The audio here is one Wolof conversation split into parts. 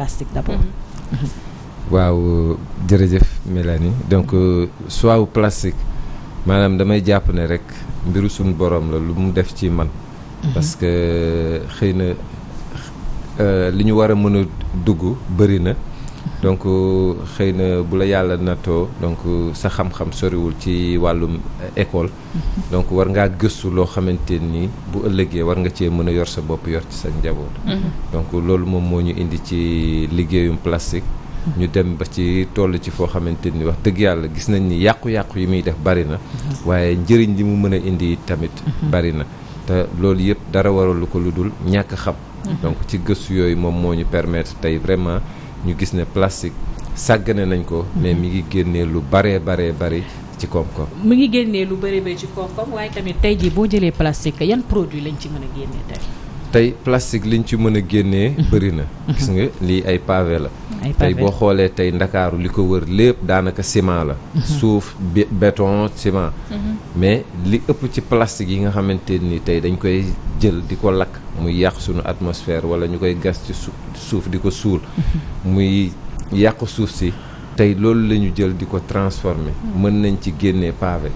plastique mhm. waaw jërëjëf Mélanie donc euh, soit plastique maanaam damay jàpp ne rek mbiru suñu borom la lu mu def ci man. Mhm. parce que euh, xëy na euh, li ñu war a mën a dugg bëri na. donc euh, xëy na bu la yàlla nattoo donc euh, sa xam-xam soriwul ci wàllum euh, école. Mhm. donc war ngaa gëstu loo xamante ni bu ëllëgee war nga cee mën a yor sa bopp yor ci sa njaboot. Mhm. donc loolu moom moo ñu indi ci liggéeyum plastique. Mhm. ñu dem ba ci toll ci foo xamante ni wax dëgg yàlla gis nañ ni yàqu-yàqu yi muy def bari na. waaye njëriñ li mu mën a indi tamit. bari na te loolu yëpp dara waralu ko lu dul ñàkk xam. donc ci gëstu yooyu moom moo ñu permettre tey vraiment. ñu gis ne sàgg ne nañ ko mhm. mais mi ngi génne lu baree baree bari ci koom-koom mu ngi génne lu bari bari ci koom-koom waaye tamit tey jii boo jëlee plastique yan produit lañ ci mën a tey tey plastique liñ ci mën a génnee mhm. bëri na gis nga lii ay pavé la tey boo xoolee tey ndakaaru li ko wër lépp daanaka ciment la mhm. suuf beton ciment mhm. mais li ëpp ci plastique yi nga xamante ni tey dañ koy jël di ko lakk muy yàq sunu atmosphère wala ñu koy gas ci suuf di ko suul muy yàq suuf si tey loolu lañu jël di ko transformer mën nañ ci génne pavé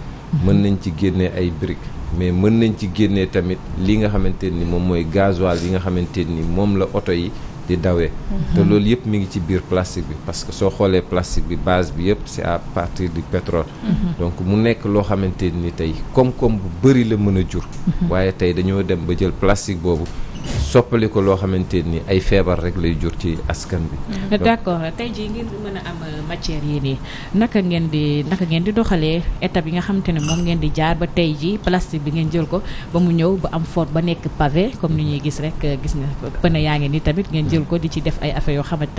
mën nañ ci génne ay briques mais mën nañ ci génnee tamit li nga xamante ni moom mooy gasoil yi nga xamante ni moom la oto yi di dawee te mhm. loolu yëpp mu ngi ci biir plastique bi parce que soo xoolee plastique bi base bi yëpp c'est à partir du pétrole mhm. donc mu nekk loo xamante ni tey koom-koom bu bëri la mën a jur mhm. waaye tey dañoo dem ba jël plastique boobu soppaliko loo xamante ni ay feebar rek lay jur ci askan bi. Mm-hmm. d'accord tey jii ngeen mën a am euh, matière yi nii naka ngeen di naka ngeen di doxalee étape yi nga xamante ne moom ngeen di jaar ba tey jii bi ngeen jël ko ba mu ñëw ba am forme ba nekk pavé comme ni ñuy gis rek euh, gis nga pën yaa ngi ni tamit ngeen jël ko di ci def ay affaire yoo xamante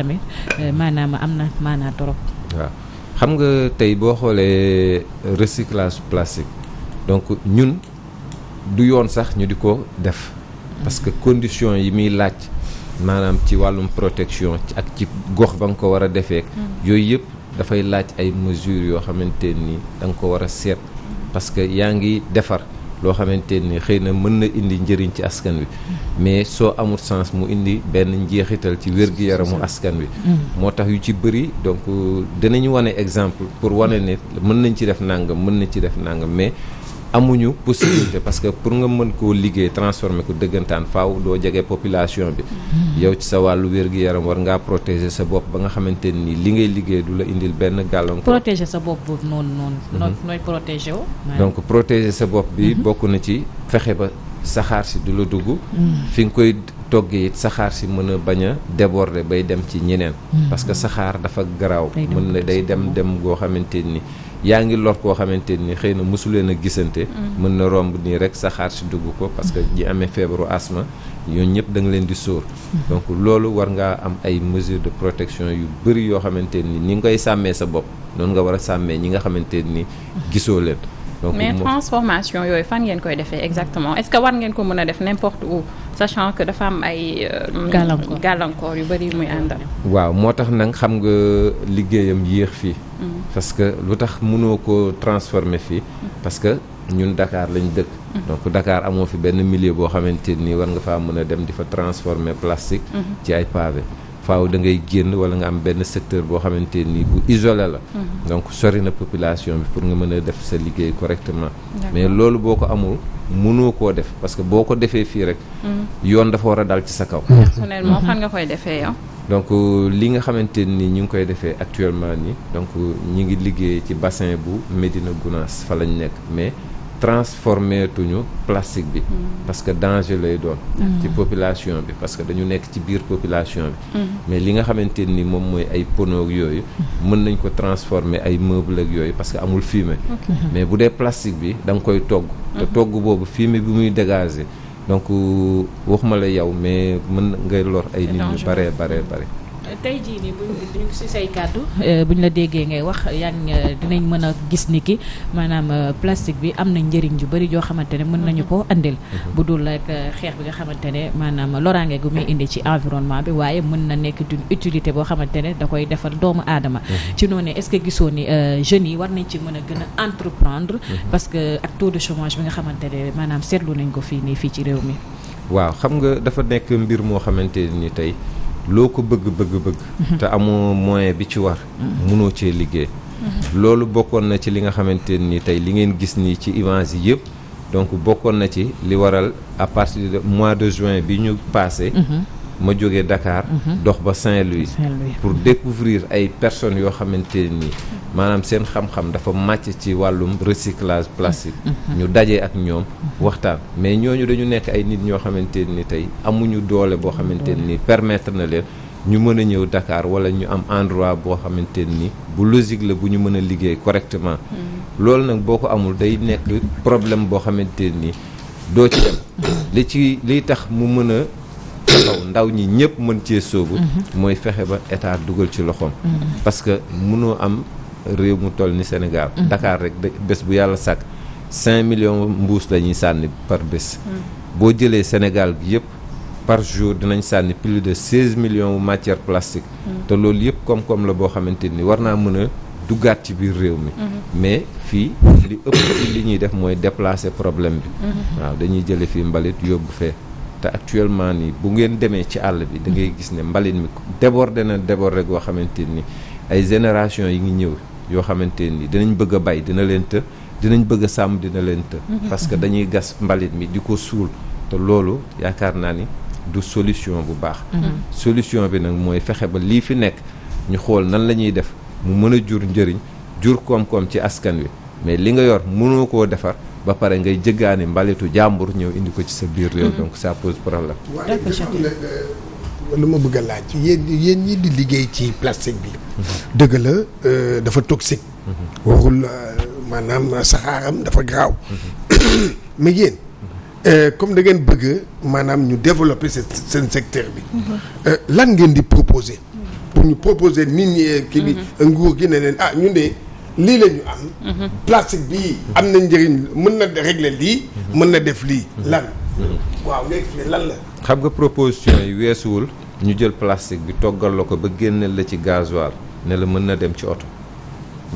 euh, maanaam am na maanaa torop xam nga tey boo xoolee recyclage plastique donc ñun du yoon sax ñu di ko def. parce que condition yi muy laaj maanaam ci wàllum protection ak ci gox ba nga ko war a defee. Mm. yooyu yëpp dafay laaj ay mesures yoo xamante nii da nga ko war a seet. parce que yaa ngi defar loo xamante ni xëy na mën na indi njëriñ ci askan wi. Mm. mais soo amul sens mu indi benn njeexital ci wér-gu-yaramu askan wi. Mm. moo tax yu ci bëri donc dinañu wane exemple pour wane ne mën nañ ci def nangam mën nañ ci def nangam mais. amuñu possibilité parce que pour nga mën koo liggéey transformer ko dëggantaan faaw doo jege population bi. Mm-hmm. yow ci sa wàllu wér gi yaram war ngaa protéger sa bopp ba nga xamante nii li ngay liggéey du la indil benn gàllankoor. protéger sa bopp boobu noonu noonu. Mm-hmm. nooy protéger wu. donc protéger sa bopp bi mm-hmm. bokk na ci fexe ba saxaar si du la dugg. fi nga koy togg it saxaar si mën a bañ a déborder bay dem ci ñeneen. parce saxaar dafa garaaw. mën na day dem dem goo xamante ni. yaa ngi lor koo xamante ni xëy na mosuleen a gisante mm. mën na romb nii rek saxaar si dugg ko parce que ñi amee feebaru asthme ñooñu ñëpp danga leen di sóor mm. donc loolu war nga am ay mesures de protection yu bëri yoo xamante ni ni nga koy sàmmee sa bopp noonu nga war a sàmmee ñi nga xamante ni gisoo leen donc mais transformation yooyu fan ngeen koy defee exactement est-ce que war ngeen ko mën a def n'importe où sachant que dafa am ay. Euh, gàllankoor gàllankoor yu bari muy àndal. waaw moo tax nag xam nga liggéeyam yéex fii. Mm-hmm. parce que lu tax mënoo ko transformer fii. Mm-hmm. parce que ñun Dakar lañ dëkk. Mm-hmm. donc dakaar amoo fi benn milieu boo xamante nii war nga faa mën a dem di fa transformer plastique. ci ay pavé. faaw da ngay génn wala nga am benn secteur boo xamante nii bu isole la. Mhm. donc sori na population bi pour nga mën a def sa liggéey correctement. mais loolu boo ko amul mënoo koo def parce que boo ko defee fii rek. Mhm. yoon dafa war a dal ci sa kaw. personnellement fan nga koy defee yow. donc euh, li nga xamante nii ñu ngi koy defee actuellement nii donc euh, ñi ngi liggéey ci bassin bu Médina Gounass fa lañ nekk mais. transformé tuñu plastique bi. Mm. parce que danger lay doon. Mm. ci population bi parce que dañu nekk ci biir population bi. Mm. mais li nga xamante ni moom mooy ay panneaux yooyu. mën nañ ko transformer ay meubles ak yooyu parce que amul fumée. Mm-hmm. mais bu dee plastique bi danga koy togg. te mm-hmm. togg boobu fumée bi muy dégager donc euh, waxuma la yow mais mën nga lor ay nit ñu baree baree bare. tey jii nii buñ buñ si say kàddu euh, buñ la déggee ngay wax yaa ngi euh, dinañ mën a gis ni ki maanaam euh, plastique bi am na njëriñ yu bëri joo xamante ne mën nañu ko andil. Mhm. bu dul rek xeex bi nga xamante ne maanaam loraange gu muy indi ci environnement bi waaye mën na nekk d'une utilité boo xamante ne da koy defar doomu aadama. Mhm. ci noonu est-ce que gisoo ni jeunes yi war nañ ci mën a gën a entreprendre. Mhm. parce que ak tout de chômage bi nga xamante ne maanaam seetlu nañ ko fii nii fii ci réew mi. waaw xam nga dafa nekk mbir moo xamante ni loo ko bëgg bëgg bëgg. Mhm. te amoo moyen bi ci war. munoo cee liggéey. Mhm. loolu bokkoon na ci li nga xamante ni tey li ngeen gis nii ci image yi yëpp. donc bokkoon na ci li waral à partir de mois de juin bi ñu passé. Mhm. ma jóge Dakar. dox ba Saint-Louis. pour découvrir ay personnes yoo xamante nii maanaam seen xam-xam dafa màcc ci wàllum recyclage plastique. ñu daje ak ñoom waxtaan. mais ñooñu dañu nekk ay nit ñoo xamante ni tey amuñu doole boo xamante ni permettre na leen ñu mën a ñëw dakaar wala ñu am endroit boo xamante ni bu logique la bu ñu mën a liggéey correctement. Mm-hmm. loolu nag boo ko amul day nekk problème boo xamante ni doo ci dem. li ci liy tax mu mën a. taxaw ndaw ñi ñëpp mën cee soobu. Mm-hmm. mooy fexe ba état dugal ci loxoom. Mm-hmm. parce que réew mu toll ni Sénégal. ndakaar mhm. rek bés bu yàlla sàkk cinq millions mbuus la ñuy sànni par bés. Mhm. boo jëlee Sénégal gi yëpp par jour dinañ sànni plus de seize millions matière plastique. Mhm. te loolu yëpp koom-koom la boo xamante ni war naa mën a duggaat ci biir réew mi. mais fii li ëpp ci li ñuy def mooy déplacer problème bi. waaw dañuy jële fii mbalit yóbbu fee. te actuellement nii bu ngeen demee ci àll bi da ngay gis ne mbalit mi débordé na débordé goo xamante ni ay génération yi ngi ñëw. yoo xamante ni dinañ bëgg a bay dina leen të dinañ bëgg a sàmm dina leen të mm-hmm. parce que dañuy gas mbalit mi di ko suul te loolu yaakaar naa ni du solution bu baax mm-hmm. solution bi nag mooy fexe ba lii fi nekk ñu xool nan la ñuy def mu mën a jur njëriñ jur koom-koom ci askan wi mais li nga yor mënoo ko defar ba pare ngay jëggaani mbalitu jàmbur ñëw indi ko ci sa biir réew mm-hmm. donc ça pose problème lu ma bëgg a laaj yéen yéen ñi di liggéey ci plastique bi. dëgg la euh, dafa toxique. waxul euh, maanaam saxaaram dafa garaaw. mais yéen. Euh, comme dangeen bëgg maanaam ñu développer seen secteur bi. lan ngeen di proposer. pour ñu proposer nit ñi kii bi. nguur gi ne leen ah ñu ne lii la ñu am. plastique bi am na njëriñ mën na régler lii. mën na def lii lan. Mhm. waaw nga expliqué lan la. xam nga proposition yi weesuwul ñu jël plastique bi toggal la ko ba génneel la ci gasoil ne la mën na dem ci oto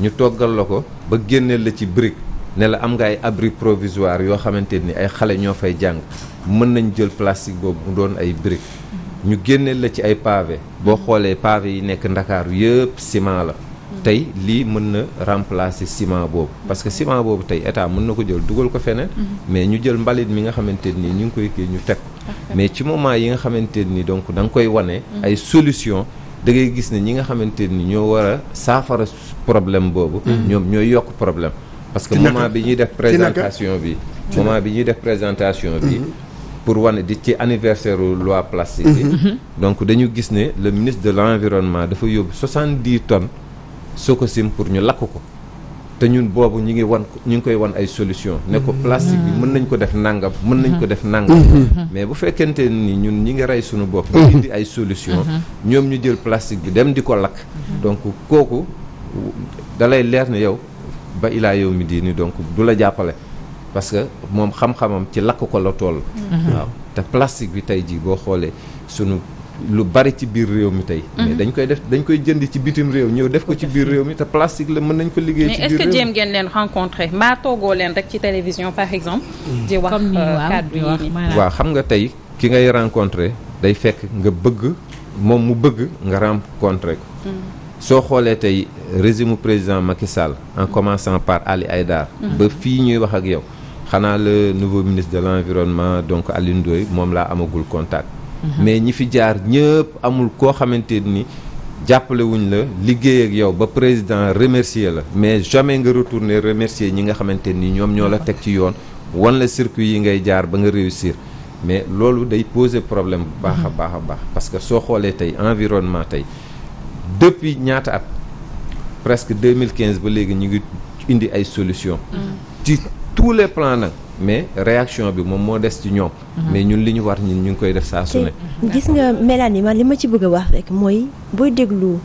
ñu toggal la ko ba génneel la ci brique ne la am nga ay abri provisoire yoo xamante ni ay xale ñoo fay jàng mën nañ jël plastique boobu mu doon ay brique ñu génneel la ci ay pavé boo xoolee pavé yi nekk ndakaaru yëpp ciment la tey lii mën na remplacer ciment boobu parce que ciment boobu tey état mën na ko jël dugal ko feneen mm-hmm. mais ñu jël mbalit mi nga xamante nii ñu ngi koy kii ñu teg mais ci moment yi nga xamante ni donc da nga koy wane. Mm-hmm. ay solution da ngay gis ne ñi nga xamante ni ñoo war a saafara problème boobu. Mm-hmm. ñoom ñooy yokk problème. parce que moment bi ñuy def présentation bi. moment mm-hmm. bi ñuy def présentation bi. pour wane di ci anniversaire loi plastique bi. donc dañu gis ne le ministre de l'environnement dafa yóbbu soixante-dix tonnes Sococim pour ñu lakk ko. te ñun boobu ñu ngi wan ñu ngi koy wan ay solution ne ko mm-hmm. plastique bi mën nañ ko def nangam mën nañ ko def nangam mm-hmm. mais bu fekkente ni ñun ñi ngi rey suñu bopp mm-hmm. ñu indi ay solution ñoom ñu jël plastique bi dem di ko lakk donc kooku dalay leer ne yow ba ilaa yow mi di ni donc du la jàppale parce que moom xam-xamam ci lakk ko la toll waaw te plastique bi tey jii boo xoolee sunu lu bari ci biir réew mi tey. Mhm. dañ koy def dañ koy jënd ci bitim réew ñëw def ko ci biir réew mi te plastique la mën nañ ko liggéey. ci biir réew mais est-ce que jéem ngeen leen rencontré mbaa toogoo leen rek ci télévision par exemple. di wax euh, kàddu yi waaw xam nga tey ki ngay rencontré day fekk nga bëgg moom mu bëgg nga rencontré ko. Mhm. soo xoolee tey régime président Macky en commençant par Ali Haïdar mhm. ba fii ñuy wax ak yow xanaa la nouveau ministre de l'environnement donc Alioune Ndoye amagul contact. mais ñi fi jaar ñëpp amul koo xamante ni jàppalewuñ la liggéey ak yow ba président remercier la mais jamais nga retourner remercier ñi nga xamante ni ñoom ñoo la teg ci yoon wan la yi ngay jaar ba nga réussir mais loolu day poser problème bu baax a mm-hmm. baax a baax parce que soo xoolee tey environnement tey depuis ñaata at presque 2015 ba léegi ñu ngi indi ay solutions. Mm-hmm. ci tous les plans nag. mais réaction bi moom moo des ci ñoom. Mhm. mais ñun li ñu war ñun ñu ngi koy def saa su ne. gis nga Mélanie man li ma ci bëgg a wax rek mooy booy déglu.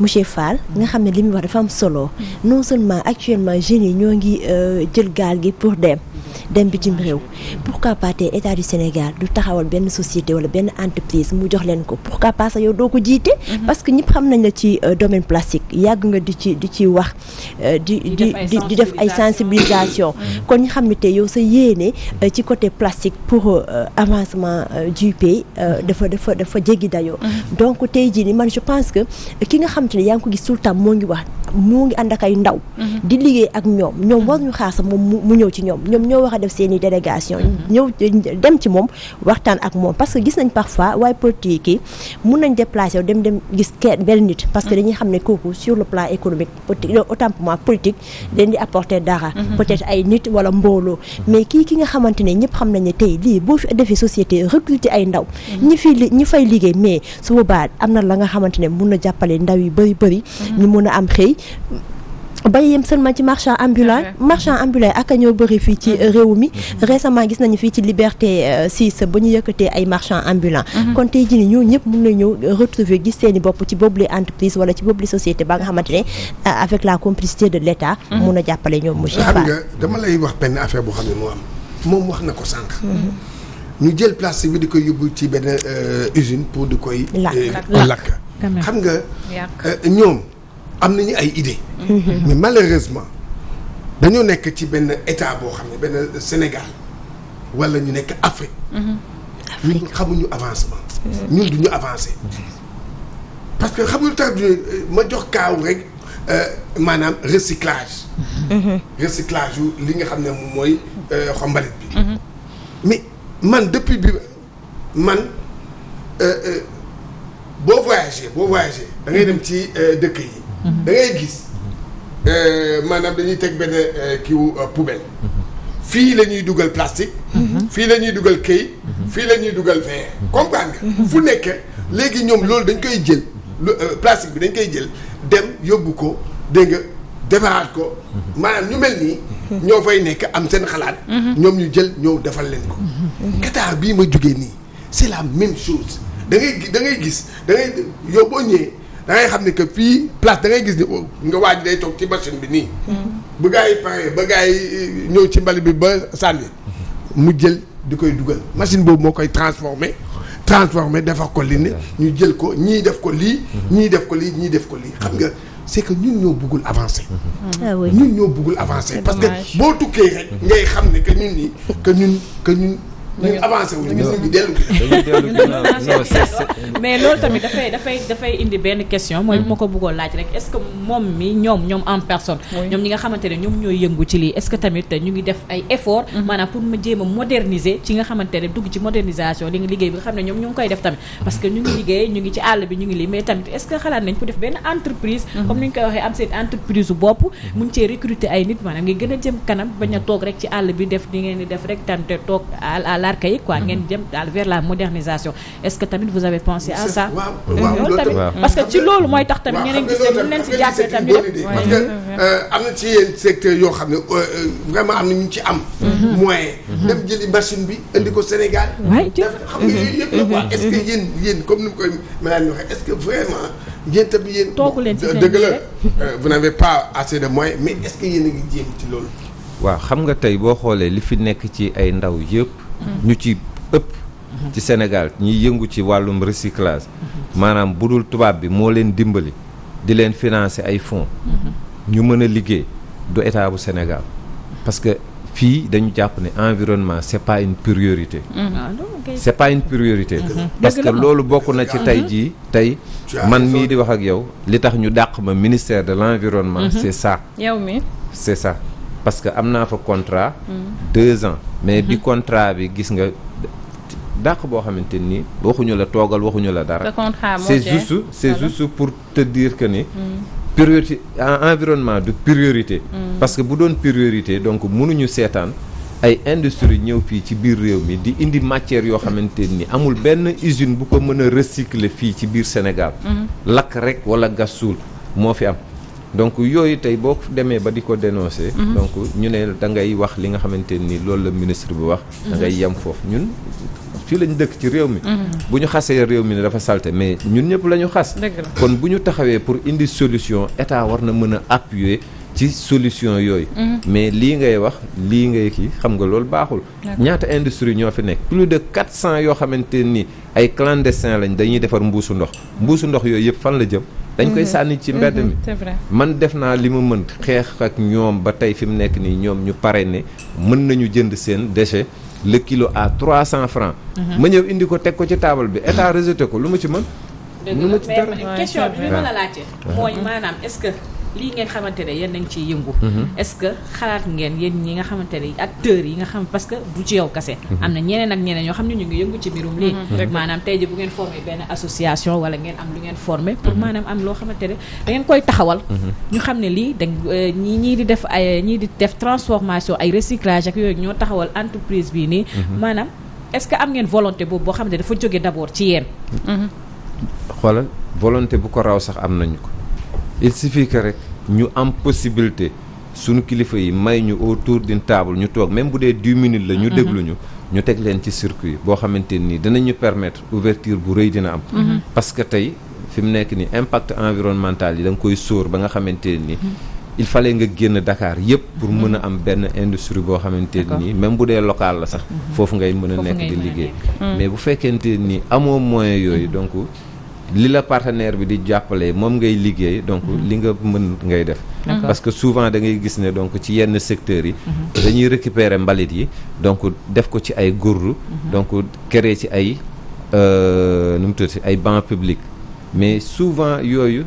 monsieur Fall nga xam ne li muy wax dafa solo non seulement actuellement jeunes yi ñoo ngi euh, jël gaal gi pour dem dem bitim réew pourquoi pas état du Sénégal du taxawal benn société wala benn entreprise mu jox leen ko pour pas sax yow doo ko jiite. Mhm. parce que ñëpp xam nañ la ci euh, domaine plastique yàgg nga di ci di ci wax. Euh, di di di def ay sensibilisation mhm. kon ñu xam ne te yow sa yéene ci côté plastique pour avancement du pays mhm. dafa dafa dafa dayoo. donc tey jii nii man je pense que ki nga xam xamante ne yaa ngi ko gis tout le temps moo ngi wax moo ngi ànd ak ay ndaw mhm. di liggéey ak ñoom ñoom mhm. war ñu xaar sax moom mu ñëw ci ñoom ñoom ñoo war a def seen i délégation mhm. ñëw dem ci moom waxtaan ak moom parce que gis nañ parfois waaye politique mun nañ déplacé dem dem gis kenn benn nit parce que dañuy xam ne kooku sur le plan économique autant pour apporter dara peut ay nit wala mbooloo mais kii ki nga xamante ne xam ne tey lii boo fi defee société recruter bëri bëri mhm. ñu mun a am xëy bay yem seulement ci marchand ambulant marchand ambulant ak a ñoo bëri fii ci mhm. réew mi mhm. récemment gis nañu fii ci liberté 6 euh, ba ñu yëkkatee ay marchand ambulant kon tey jii ñoo ñëpp mën na ñëw retrouver gis seen bopp ci boobu entreprise wala ci boobu société ba nga xamante ne euh, avec la complicité de l' état mun a jàppale ñoom monsieur Fall xam nga dama lay wax benn affaire boo xam ne moo am moom wax na ko sànq ñu jël plastique bi di ci benn euh, usine pour di koy xam nga euh, ñoom am nañu ay idées mhm. mais malheureusement dañoo nekk ci benn état boo xam ne benn Sénégal wala ñu nekk Afrique mhm. ñun xamuñu avancement ñun duñu avancé parce que xam nga lu euh, ma jox kaaw rek euh, maanaam recyclage mhm. recyclage yu li nga xam ne moom mooy xombalit bi mais man depuis bi man boo voyagé boo voyagé da ngay dem ci euh, dëkk yi. Mhm. da ngay gis euh, maanaam dañuy teg benn euh, kiiwu poubelle. Mhm. fii la ñuy dugal plastique. Mhm. fii lañuy ñuy dugal këy. fii la ñuy dugal verre. comprendre nga. fu nekk léegi ñoom loolu dañ koy jël plastique bi dañ koy jël dem yóbbu ko dégg nga defaraat ko maanaam ñu mel nii. ñoo fay nekk am seen xalaat. ñoom ñu jël ñëw defal leen ko. Qatar bii ma jugee nii c'est la même chose. da ngay da ngay gis da yow boo ñëwee da ngay xam ne que fii place dangay gis ni oh, nga waaj day toog ci machine bi nii. Hmm. ba gars yi pare ba gars yi eh, ñëw ci mbali bi ba sànni. mu jël di koy dugal machine boobu moo koy transformé transformé defar ko li ne ñu jël ko ñii def ko lii. ñii def ko lii ñii def ko lii xam nga. c'est que ñun ñoo bëggul avancer. Ah ñun ñoo bëggul avancer. parce que boo tukkee ngay xam ne que ñun nii que ñun que ñun. ñu avancé wu ñu dellu mais loolu tamit dafay dafay indi benn question mooy ma ko bëggoon laaj rek est-ce que moom mi ñoom ñoom en personne ñoom ñi nga xamante ne ñoom ñooy yëngu ci lii est-ce que ñu ngi def ay effort mm-hmm. maanaam pour ma jéem a moderniser ci nga xamante ne dugg ci modernisation li nga liggéey bi nga xam ne ñoom ñoom koy def tamit parce que ñu ngi liggéey ñu ngi ci àll bi ñu ngi lii mais tamit est-ce que xalaat nañ ko def benn entreprise mm-hmm. comme ni ñu koy waxee am seen entreprise bopp mm-hmm. mun cee nit a jëm kanam bañ a toog rek ci àll bi def li ngeen di def rek tamit toog àll l'archaïque quoi ngeen mhm. jëm daal vers la modernisation est-ce que tamit vous avez pensé à ça euh, loolu tamit parce que ci loolu mooy tax tamit ngeen gis ne leen euh, yenn secteur yoo xam ne euh, vraiment am na ñu ci am mhm. moyen mhm. dem jëli bi indi ko Sénégal def xam nga yooyu yëpp leen si dëgg la vous n'avez pas a ngi jéem ci loolu waaw xam nga tey boo xoolee li fi nekk ci ay ndaw yëpp ñu ci ëpp ci Sénégal ñiy yëngu ci wàllum recyclage maanaam bu dul tubaab bi moo leen dimbali di leen financer ay fonds ñu mën a liggéey du état bu Sénégal parce que fii dañu jàpp ne environnement c'est pas une priorité c'est pas une priorité parce que loolu bokk na ci tey jii tey man mii di wax ak yow li tax ñu dàq ma ministère de l'environnement mhm. c'est ça mi c'est ça parce que am naa fa contrat. Hmm. deux ans mais bi hmm. contrat bi gis nga dàq boo xamante ni waxuñu la toogal waxuñu la dara. c'est juste c'est juste pour te dire que ni. Hmm. priorité environnement du priorité. parce que bu doon priorité donc mënuñu seetaan. ay industrie ñëw fii ci biir réew mi di indi matière yoo xamante ni amul benn usine bu ko mën a recycler fii ci biir Sénégal. lakk rek wala gas suul moo fi am. donc yooyu tey boo demee ba di ko dénoncer. Mhm. donc ñu ne da wax li nga xamante ni loolu la ministre bi wax. Mhm. da ngay yem foofu ñun fii lañ dëkk ci réew mi. Mhm. bu ñu xasee réew mi ne dafa salte mais ñun ñëpp la ñu xas. kon bu ñu taxawee pour indi solution état war na mën a appuyer. ci solution yooyu. mais lii ngay wax lii ngay kii xam nga loolu baaxul. ñaata industrie ñoo fi nekk plus de 400 yoo xamante ni ay clandestins lañ dañuy defar mbuusu ndox mbuusu ndox yooyu yëpp fan la jëm. dañ koy mhm. sànni ci mbedd mhm, mi man def naa li ma mën xeex ak ñoom ba tey fi mu nekk nii ñoom ñu pare ne mën nañu jënd seen déchet le kilo à trois cent francs mhm. ma ñëw indi ko teg ko ci taabal bi état rejeté ko lu ma ci mën lu ma ci dara question bi ma la laajte mooy maanaam est lii ngeen xamante ne yéen nañ ciy yëngu mhm. est-ce que xalaat ngeen yéen ñi nga xamante ne acteurs yi nga xam parce que du ci yow kese mhm. am na ñeneen ak ñeneen ñoo xam ne ñu ngi yëngu ci mbirum lii mhm. maanaam tey ji bu ngeen formé benn association wala ngeen am lu ngeen formé pour maanaam am loo xamante ne da ngeen koy taxawal ñu xam ne lii dañ euh, ñi ñii di def ay ñii di def transformation ay recyclage ak yooyu ñoo taxawal entreprise bii nii maanaam est-ce que am ngeen volonté boobu boo xam ne dafa jóge d'abord ci yéen xoolal volonté bu ko sax am nañu ko il suffit que rek ñu am possibilité suñu kilifa yi may ñu autour d'une table ñu toog même bu dee dix la ñu mm-hmm. déglu ñu teg leen ci yi boo xamante nii dinañu permettre ouverture bu rëy dina am mm-hmm. parce que tey fi mu nekk ni impact environnemental yi da nga koy sóor ba nga xamante nii mm-hmm. il fallait nga génn Dakar yëpp pour mën a am benn industrie boo xamante nii même bu dee local la sax foofu ngay mën a nekk di liggéey mm. mais bu fekkente nii amoo moyen yooyu donc li la partenaire bi di jàppale moom ngay liggéey donc mhm. li nga mën ngay def parce que souvent da ngay gis ne donc ci yenn secteurs yi mhm. dañuy récupérer mbalit yi donc def ko ci ay gurru mhm. donc créer ci ay euh, nu mu si ay bancs publique mais souvent yooyu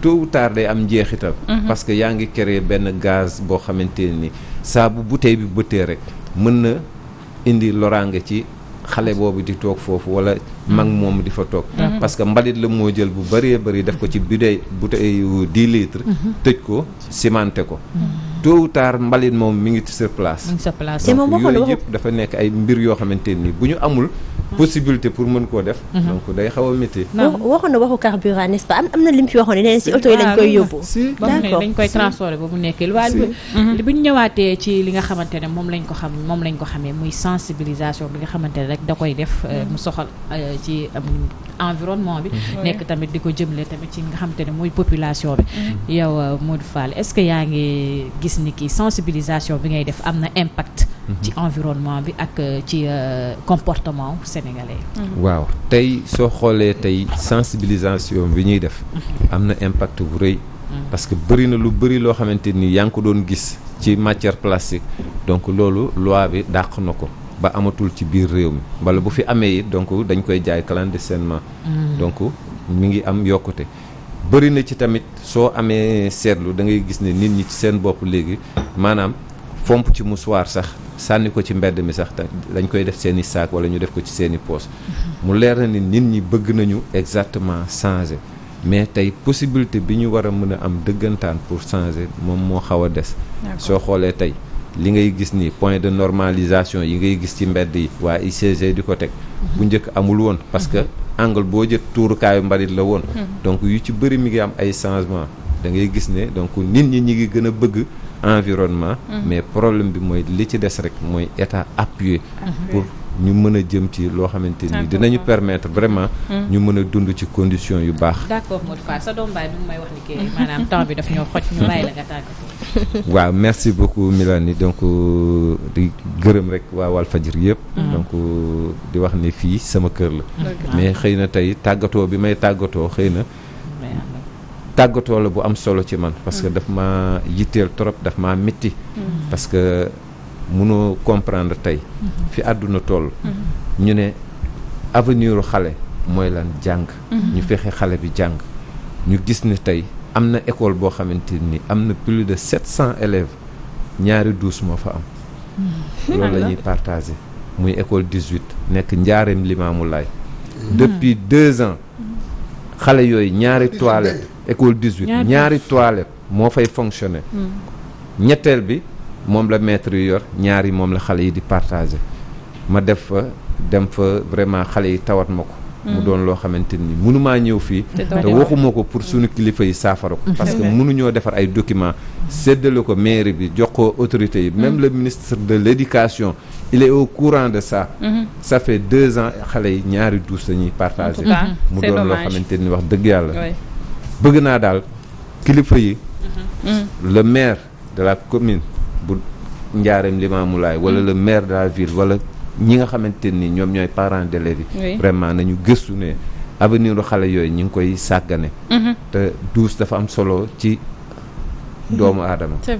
tôt ou tard day am njeexital parce que yaa ngi créer benn gaz boo xamante ni saa bu bouteille bi bëtee rek mën na indi loraange ci xale boobu di toog foofu wala mag moom di fa toog parce que mbalit la moo jël bu bëree bëri def ko ci bidey bouteille yu dix litres mhm. tëj ko cimenté ko tôt ou tard mbalit moom mi ngi sur place yooyu yëpp dafa nekk ay mbir yoo xamante nii bu ñu amul possibilité pour mën koo def. Mhm. donc day xaw a métti. waxoon na waxu carburant nest am am na lim fi waxoon ne nee si oto yi lañ ah, koy yóbbu. d'accord dañ koy transformer ba mu nekkee waaye bu ñu ñëwaatee ci li nga xamante ne moom lañ ko xam moom lañ ko xamee muy sensibilisation bi nga xamante ne rek da koy def euh, mhm. mu soxal euh, ci euh, environnement bi. Mhm. nekk tamit di ko jëmle tamit ci nga xamante ne mooy population bi. yow Modou Fall est-ce que yaa ngi gis ni kii sensibilisation bi ngay def am na impact. ci environnement bi ak euh, ci euh, comportement sénégalais yi. Mhm. waaw tey soo xoolee tey sensibilisation bi ñuy def. Mhm. am na impact bu rëy. Mhm. parce que bëri na lu bëri loo xamante nii yaa ngi ko doon gis ci matière plastique donc loolu loi bi dàq na ko. ba amatul ci biir réew mi wala bu fi amee it donc dañ koy jaay clandestinement. donc mu ngi am yokkute. bëri na ci tamit soo amee seetlu da ngay gis ne nit ñi ci seen bopp léegi maanaam fomp ci mouchoir sax sànni ko ci mbedd mi sax dañ koy def seeni i saak ñu def ko ci seeni i mhm. mu leer na ni nit ñi bëgg nañu exactement changer mais tey possibilité bi ñu war a mën a am dëggantaan pour changer moom moo xaw a des soo xoolee tey li ngay gis ni point de normalisation yi ngay gis ci mbedd yi waa ICG di ko teg mhm. bu njëkk amul woon parce que mhm. angle boo jët tuurukaayu mbarit la woon donc yu ci bëri mi ngi am ay changement da ngay gis ne nit ñi ñi ngi gën a bëgg environnement. Mhm. mais problème bi mooy li ci des rek mooy état appuyé. pour ñu mën a jëm ci loo xamante ni dinañu permettre vraiment. Mhm. ñu mën a dund ci condition yu baax. d'accord Modou Fall sa ni kii temps bi daf merci beaucoup Milani donc euh, di gërëm rek waa Walfadjri yëpp. Mhm. donc euh, di wax ni fii sama kër la. mais xëy na tey tàggatoo bi may tàggatoo xëy na. tàggatoo la bu am solo ci man. parce que mm. daf ma yitteel trop dafa ma métti. Mm. parce que mënoo comprendre tey. Mm-hmm. fi àdduna toll. Mm-hmm. ñu ne avenir xale mooy lan jàng. Mm-hmm. ñu fexe xale bi jàng ñu gis ni tey am na école boo xamante ni am na plus de sept cent élèves ñaari douze moo fa am. loolu la ñuy partagé muy école dix huit nekk njaareem Limaamu Laay. depuis deux ans xale yooyu ñaari toilette école 18 ñaari toilette moo fay fonctionner hmm. ñetteel bi moom la maître yu yor ñaari moom la xale yi di partager ma def fa dem fa vraiment xale yi tawat ma ko mu hmm. doon loo xamante ni mënumaa ñëw fii te waxuma ko pour suñu kilifa yi saafara ko hmm. parce que mënuñoo defar ay documents séddale ko mairie bi jox ko autorité yi même le ministre de l'éducation il est au courant de ça ça fait deux ans xale yi ñaari douze la ñuy partagé mu doon loo xamante ni wax dëgg yàlla bëgg naa daal kilifa yi. Mm-hmm. le maire de la commune bu Ndiarème Limamoulaye wala mm-hmm. le maire de la ville wala ñi nga xamante ni ñoom ñooy parents d'élèves bi vraiment nañu gëstu ne avenir xale yooyu ñi ngi koy sàggane. Mm-hmm. te douche dafa am solo ci doomu aadama. c'est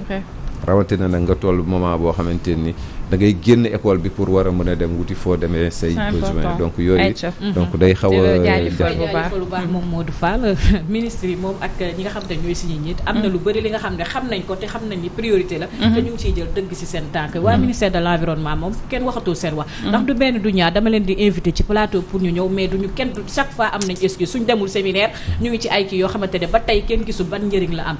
rawatina nag nga toll moment boo xamante ni. dangay ngay génn école bi pour war a mën a dem wuti foo demee say besoin donc yooyu donc mhm. day xaw a jaajëfal baax bu baax moom Modou Fall ministre yi moom ak ñi nga xam ne ñooy suñu njiit am na lu bëri li nga xam ne xam nañ ko te xam nañ ni priorité la mhm. te ñu ngi ciy jël dëgg si seen tànk waa mhm. ministère de l'environnement moom kenn waxatul seen wax ndax du benn du ñaar dama leen di invité ci plateau pour ñu ñëw mais duñu kenn chaque fois am nañ excuse suñ demul séminaire ne ba tey kenn gisul ban njëriñ la am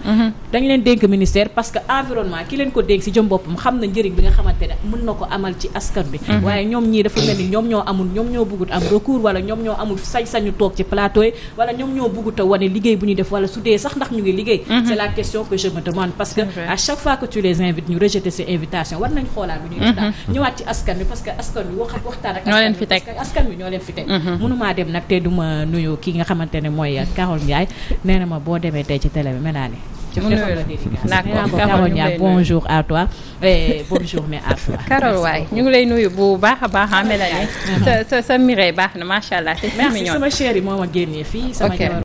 dañ leen dénk ministère parce que environnement ki leen ko nga xamante ne mën na ko amal ci askan bi mhm. waaye ñoom ñii dafa mel ni ñoom ñoo amul ñoom ñoo bëggut am recours wala ñoom ñoo amul sañ-sañu toog ci plateau yi wala ñoom ñoo bëggut a wane liggéey bu ñu def wala su dee sax ndax ñu ngi liggéey mhm. c'est la question que je me demande parce que à chaque fois que tu les invites ñu rejeter ces invitations war nañ xoolaat bu ñuy daal mhm. ñëwaat ci askan bi parce que askan bi wax waxtaan ak askan bi ñoo leen fi teg mënumaa dem nag te duma nuyu ki nga xamante mooy Carole Ndiaye boo demee tey ci télé bi mel d'accord bonjour à toi eh, bonne journée à toi. Carole waay ñu ngi lay nuyu bu baax a baax Mélanie sa sa sa miree baax na macha allah. merci sama chérie moom ma génnee fii sama